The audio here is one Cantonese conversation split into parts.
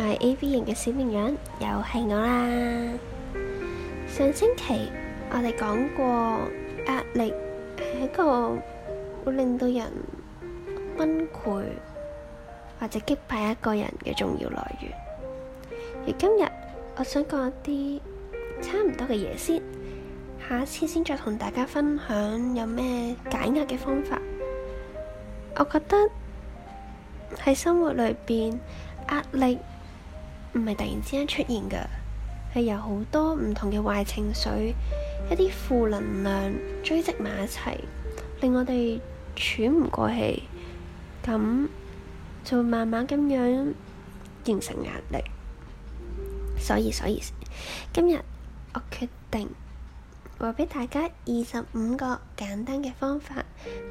係 A B 型嘅小綿羊，又係我啦。上星期我哋講過壓力係一個會令到人崩潰或者擊敗一個人嘅重要來源。而今日我想講一啲差唔多嘅嘢先，下一次先再同大家分享有咩解壓嘅方法。我覺得喺生活裏邊壓力。唔係突然之間出現㗎，係有好多唔同嘅壞情緒、一啲負能量堆積埋一齊，令我哋喘唔過氣，咁就慢慢咁樣形成壓力。所以，所以今日我決定話俾大家二十五個簡單嘅方法，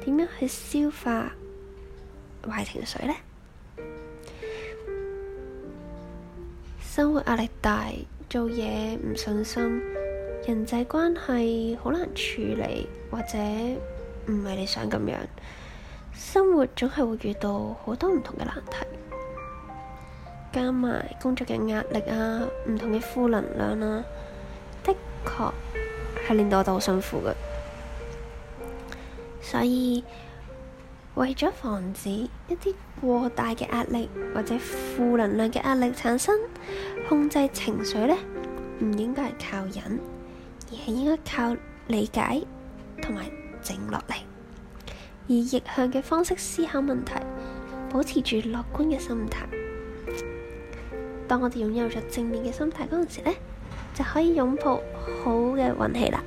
點樣去消化壞情緒呢？生活壓力大，做嘢唔順心，人際關係好難處理，或者唔係你想咁樣。生活總係會遇到好多唔同嘅難題，加埋工作嘅壓力啊，唔同嘅負能量啊，的確係令到我哋好辛苦嘅，所以。為咗防止一啲過大嘅壓力或者負能量嘅壓力產生，控制情緒呢，唔應該係靠忍，而係應該靠理解同埋靜落嚟，以逆向嘅方式思考問題，保持住樂觀嘅心態。當我哋擁有咗正面嘅心態嗰陣時呢，就可以擁抱好嘅運氣啦。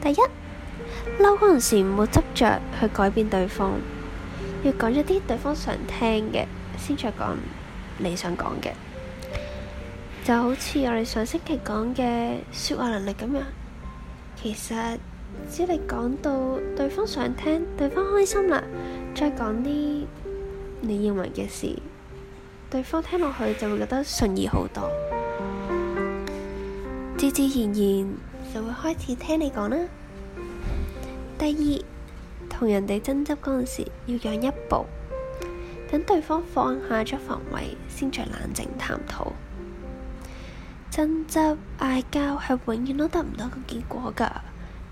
第一。嬲嗰陣時唔好執着去改變對方，要講咗啲對方想聽嘅，先再講你想講嘅。就好似我哋上星期講嘅說話能力咁樣，其實只要你講到對方想聽、對方開心啦，再講啲你認為嘅事，對方聽落去就會覺得順意好多，自自然然就會開始聽你講啦。第二，同人哋爭執嗰陣時，要讓一步，等對方放下咗防衛，先再冷靜探討。爭執嗌交係永遠都得唔到個結果噶，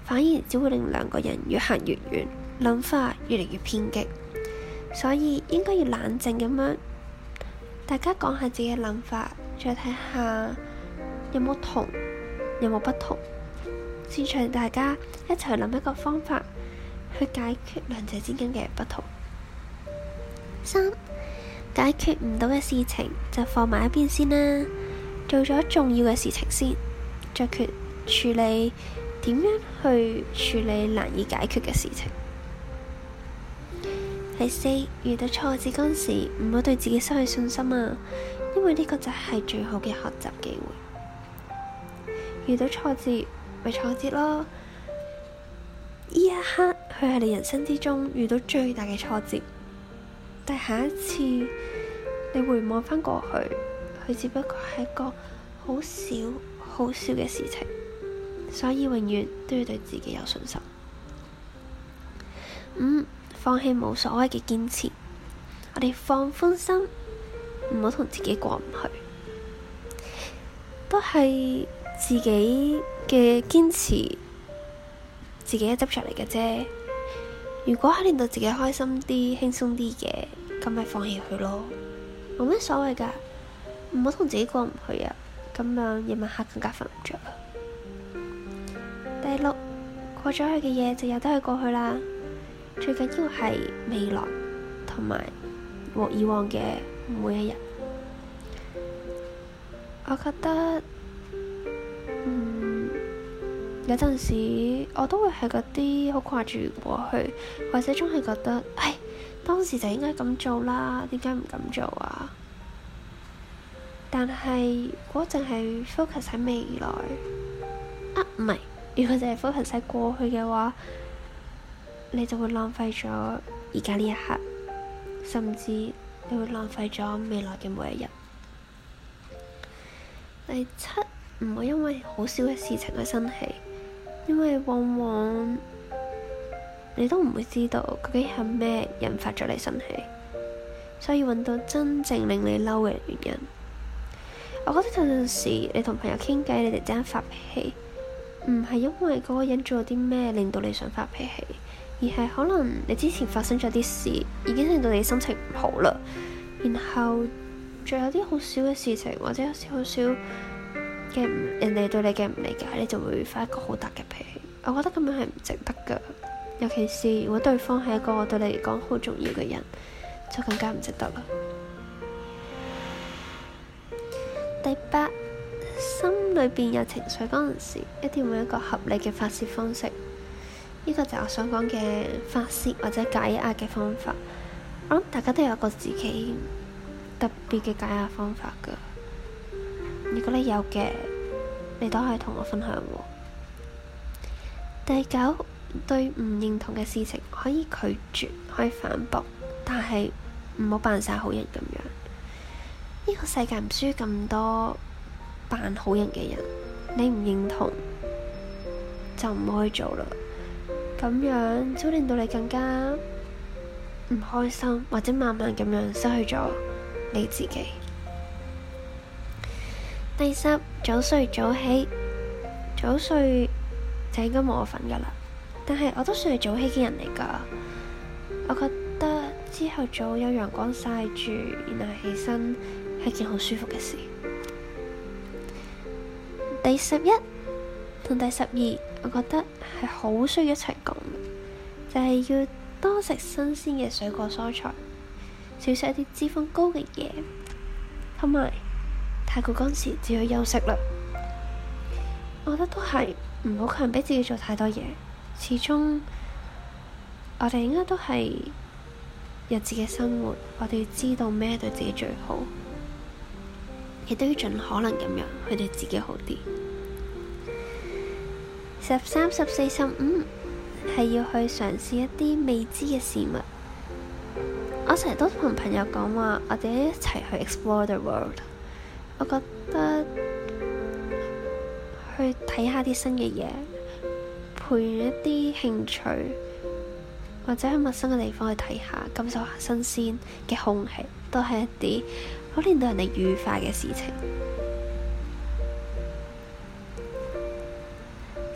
反而只會令兩個人越行越遠，諗法越嚟越偏激。所以應該要冷靜咁樣，大家講下自己嘅諗法，再睇下有冇同，有冇不同。先請大家一齊去諗一個方法去解決兩者之間嘅不同。三，解決唔到嘅事情就放埋一邊先啦，做咗重要嘅事情先，再決處理點樣去處理難以解決嘅事情。第四，遇到挫折嗰時，唔好對自己失去信心啊，因為呢個就係最好嘅學習機會。遇到挫折。咪挫折咯！呢一刻佢係你人生之中遇到最大嘅挫折，但下一次你回望翻過去，佢只不過係一個好小好小嘅事情，所以永遠都要對自己有信心。五、嗯、放棄冇所謂嘅堅持，我哋放寬心，唔好同自己過唔去，都係自己。嘅堅持，自己一執出嚟嘅啫。如果可以令到自己開心啲、輕鬆啲嘅，咁咪放棄佢咯，冇乜所謂噶。唔好同自己過唔去啊！咁樣夜晚黑更加瞓唔着。第六，過咗去嘅嘢就由得佢過去啦。最緊要係未來同埋和以往嘅每一日。我覺得。有陣時我都會係嗰啲好掛住過去，或者總係覺得，唉，當時就應該咁做啦，點解唔敢做唔咁做啊？但係如果淨係 focus 喺未來，啊唔係，如果淨係 focus 喺過去嘅話，你就會浪費咗而家呢一刻，甚至你會浪費咗未來嘅每一日。第七，唔好因為好少嘅事情而生氣。因為往往你都唔會知道究竟係咩引發咗你生氣，所以揾到真正令你嬲嘅原因。我覺得有陣時你同朋友傾偈，你哋陣間發脾氣，唔係因為嗰個人做咗啲咩令到你想發脾氣，而係可能你之前發生咗啲事，已經令到你心情唔好啦，然後仲有啲好少嘅事情，或者有少少。嘅人哋對你嘅唔理解，你就會發一個好大嘅脾氣。我覺得咁樣係唔值得噶尤其是如果對方係一個對你嚟講好重要嘅人，就更加唔值得啦。第八，心裏邊有情緒嗰陣時，一定要有一個合理嘅發泄方式。呢個就係我想講嘅發泄或者解壓嘅方法。我諗大家都有一個自己特別嘅解壓方法噶如果你有嘅，你都可以同我分享喎。第九，對唔認同嘅事情可以拒絕，可以反駁，但係唔好扮晒好人咁樣。呢個世界唔需要咁多扮好人嘅人。你唔認同，就唔好去做啦。咁樣只會令到你更加唔開心，或者慢慢咁樣失去咗你自己。第十，早睡早起，早睡就應該冇我份噶啦。但係我都算係早起嘅人嚟噶，我覺得之後早有陽光曬住，然後起身係件好舒服嘅事。第十一同第十二，我覺得係好需要一齊講，就係要多食新鮮嘅水果蔬菜，少食一啲脂肪高嘅嘢，同埋。太過嗰時，只可以休息啦。我覺得都係唔好強逼自己做太多嘢，始終我哋應該都係有自己嘅生活，我哋要知道咩對自己最好，亦都要盡可能咁樣去對自己好啲。十三、十四、十五係要去嘗試一啲未知嘅事物。我成日都同朋友講話，我哋一齊去 explore the world。我覺得去睇下啲新嘅嘢，培養一啲興趣，或者去陌生嘅地方去睇下，感受下新鮮嘅空氣，都係一啲好令到人哋愉快嘅事情。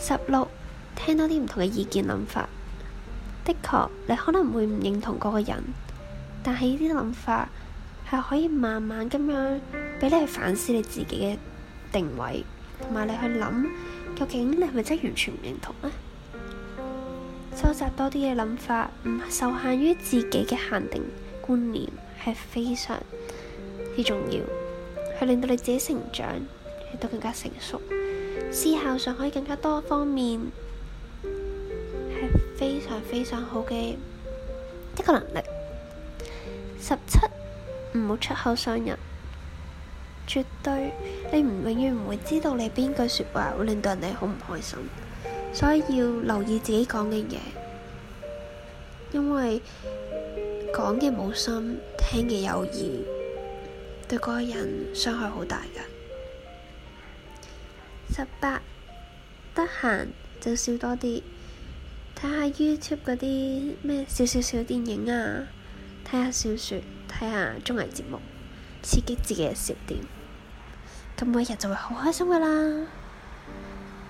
十六，聽多啲唔同嘅意見諗法，的確你可能會唔認同嗰個人，但係呢啲諗法係可以慢慢咁樣。俾你去反思你自己嘅定位，同埋你去諗究竟你係咪真係完全唔認同呢？收集多啲嘅諗法，唔受限於自己嘅限定觀念，係非常之重要，係令到你自己成長，亦都更加成熟。思考上可以更加多方面，係非常非常好嘅一個能力。十七，唔好出口傷人。絕對，你唔永遠唔會知道你邊句說話會令到人哋好唔開心，所以要留意自己講嘅嘢，因為講嘅冇心，聽嘅有意，對嗰個人傷害好大㗎。十八，得閒就笑多啲，睇下 YouTube 嗰啲咩少少小，小，小電影啊，睇下小說，睇下綜藝節目，刺激自己嘅笑點。咁每日就會好開心噶啦！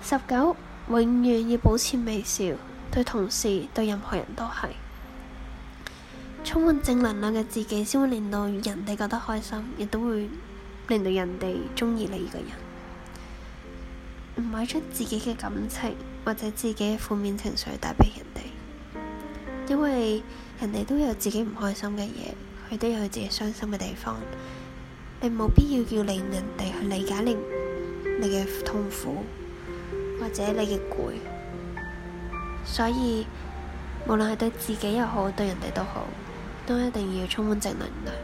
十九，永遠要保持微笑，對同事對任何人都係充滿正能量嘅自己，先會令到人哋覺得開心，亦都會令到人哋鍾意你嘅人。唔係將自己嘅感情或者自己嘅負面情緒帶畀人哋，因爲人哋都有自己唔開心嘅嘢，佢都有佢自己傷心嘅地方。你冇必要要令人哋去理解你你嘅痛苦，或者你嘅攰。所以，無論係對自己又好，對人哋都好，都一定要充滿正能量。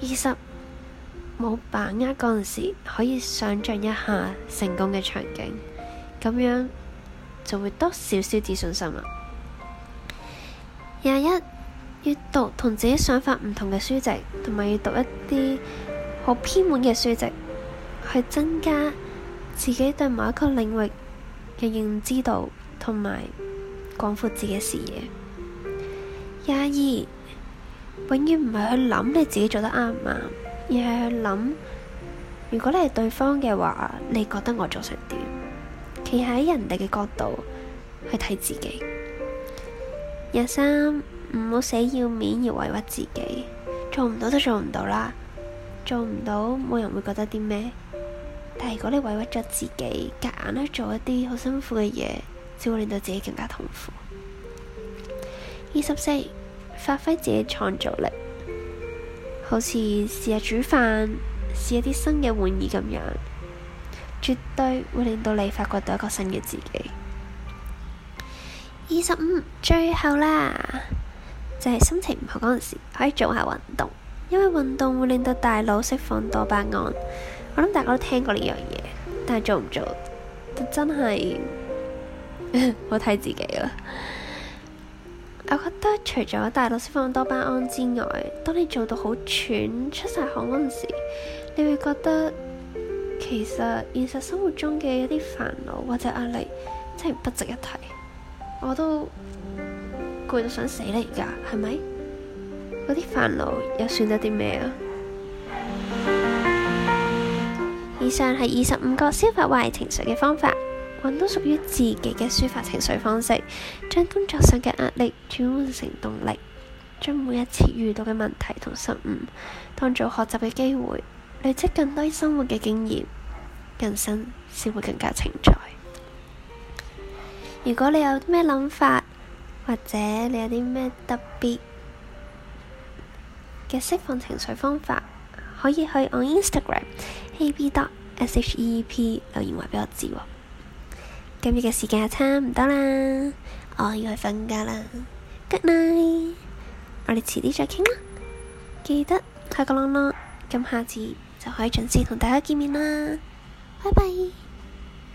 二十，冇把握嗰陣時，可以想象一下成功嘅場景，咁樣就會多少少自信心啦啊。廿一。閱讀同自己想法唔同嘅書籍，同埋閱讀一啲好偏門嘅書籍，去增加自己對某一個領域嘅認知度，同埋廣闊自己視野。廿二，永遠唔係去諗你自己做得啱唔啱，而係去諗如果你係對方嘅話，你覺得我做成點？企喺人哋嘅角度去睇自己。廿三。唔好死要面而委屈自己，做唔到都做唔到啦。做唔到冇人會覺得啲咩。但係如果你委屈咗自己，夾硬去做一啲好辛苦嘅嘢，只會令到自己更加痛苦。二十四，發揮自己創造力，好似試下煮飯，試一啲新嘅玩意咁樣，絕對會令到你發掘到一個新嘅自己。二十五，最後啦。就係心情唔好嗰陣時，可以做下運動，因為運動會令到大腦釋放多巴胺。我諗大家都聽過呢樣嘢，但係做唔做真係，好 睇自己啦。 我覺得除咗大腦釋放多巴胺之外，當你做到好喘、出晒汗嗰陣時，你會覺得其實現實生活中嘅一啲煩惱或者壓力真係不值一提。我都。攰到想死啦！而家係咪？嗰啲煩惱又算得啲咩啊？以上係二十五個消化壞情緒嘅方法，揾到屬於自己嘅抒發情緒方式，將工作上嘅壓力轉換成動力，將每一次遇到嘅問題同失誤當做學習嘅機會，累積更多生活嘅經驗，人生先會更加精彩。如果你有咩諗法？或者你有啲咩特別嘅釋放情緒方法，可以去我 Instagram a b . s h e p 留言話畀我知。今日嘅時間差唔多啦，我要去瞓覺啦，good night，我哋遲啲再傾啦，記得開個浪浪，咁下次就可以準時同大家見面啦，拜拜。